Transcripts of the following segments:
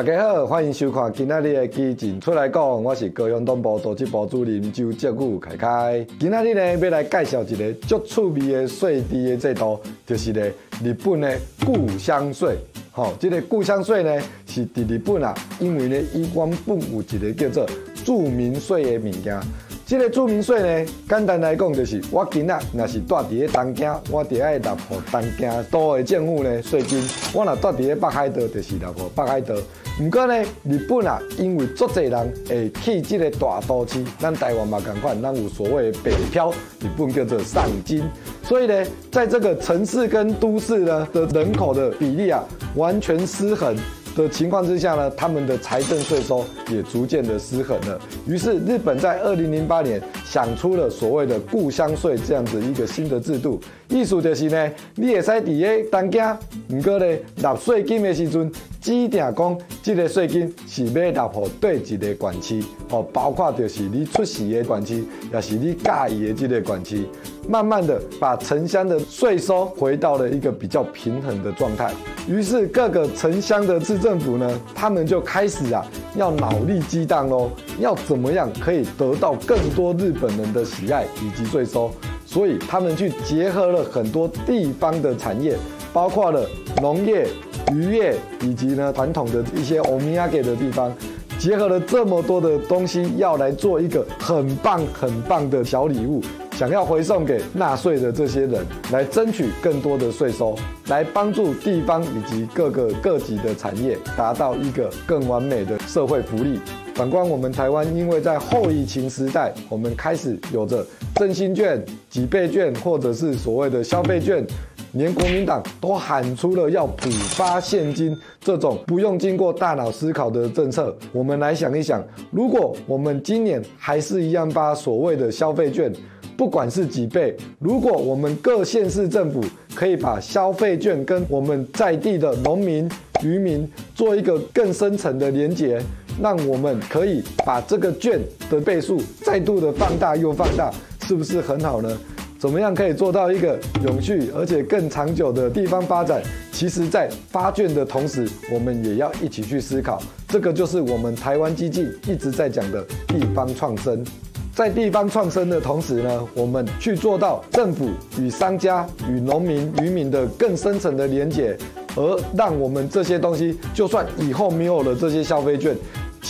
大家好，歡迎收看今仔日的《基進出來講》，我是高雄黨部組織部主任周則宇凱凱。今仔日呢，要來介紹一個足趣味的稅制的制度，就是咧日本的故鄉稅。吼、哦，這個故鄉稅呢，是佇日本啊，因為呢，伊原本有一個叫做住民稅的物件。這個住民稅呢，簡單來講就是我今仔若是住在咧東京，我就要納東京都的政府呢稅金，我若住在北海道，就是納北海道。不過呢，日本啊，因為足多人會去這個大都市，咱台灣嘛同款，咱有所謂的北漂，日本叫做上京。所以呢，在這個城市跟都市呢的人口的比例啊，完全失衡。的情況之下呢，他們的財政稅收也逐漸的失衡了。於是日本在二零零八年想出了所謂的故鄉稅這樣子一個新的制度，意思就是呢，你也會使佇誒東京，不過呢納稅金的時陣指定講這個稅金是要納乎對一個縣市，哦，包括就是你出事的縣市，也是你喜歡的這個縣市，慢慢的把城鄉的稅收回到了一個比較平衡的狀態。於是各個城鄉的市政府呢，他們就開始啊要腦力激盪咯，要怎麼樣可以得到更多日本人的喜愛以及稅收？所以他們去結合了很多地方的產業，包括了農業、漁業以及呢傳統的一些 omiyage 的地方，結合了這麼多的東西，要來做一個很棒很棒的小禮物。想要回送給納稅的這些人，來爭取更多的稅收，來幫助地方以及各個各級的產業達到一個更完美的社會福利。反觀我們台灣，因為在後疫情時代，我們開始有着振興券、幾倍券，或者是所謂的消費券。連國民黨都喊出了要普發現金這種不用經過大腦思考的政策，我們來想一想，如果我們今年還是一樣發所謂的消費券，不管是幾倍，如果我們各縣市政府可以把消費券跟我們在地的農民、漁民做一個更深層的連結，讓我們可以把這個券的倍數再度的放大又放大，是不是很好呢？怎麼樣可以做到一個永續而且更長久的地方發展？其實，在發券的同時，我們也要一起去思考，這個就是我們台灣基進一直在講的地方創生。在地方創生的同時呢，我們去做到政府與商家與農民漁民的更深層的連結，而讓我們這些東西，就算以後沒有了這些消費券。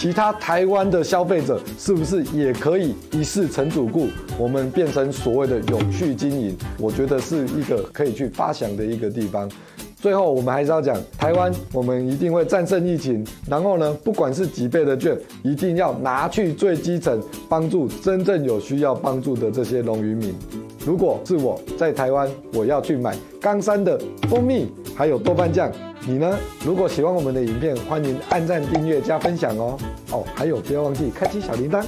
其他台灣的消費者是不是也可以一試成主顧，我們變成所謂的永續經營，我覺得是一個可以去發想的一個地方。最後，我們還是要講台灣，我們一定會戰勝疫情。然後呢，不管是幾倍的券，一定要拿去最基層，幫助真正有需要幫助的這些農漁民。如果是我在台灣，我要去買岡山的蜂蜜，還有豆瓣醬。你呢？如果喜歡我們的影片，歡迎按讚、訂閱、加分享哦。哦，還有不要忘記開啟小鈴鐺。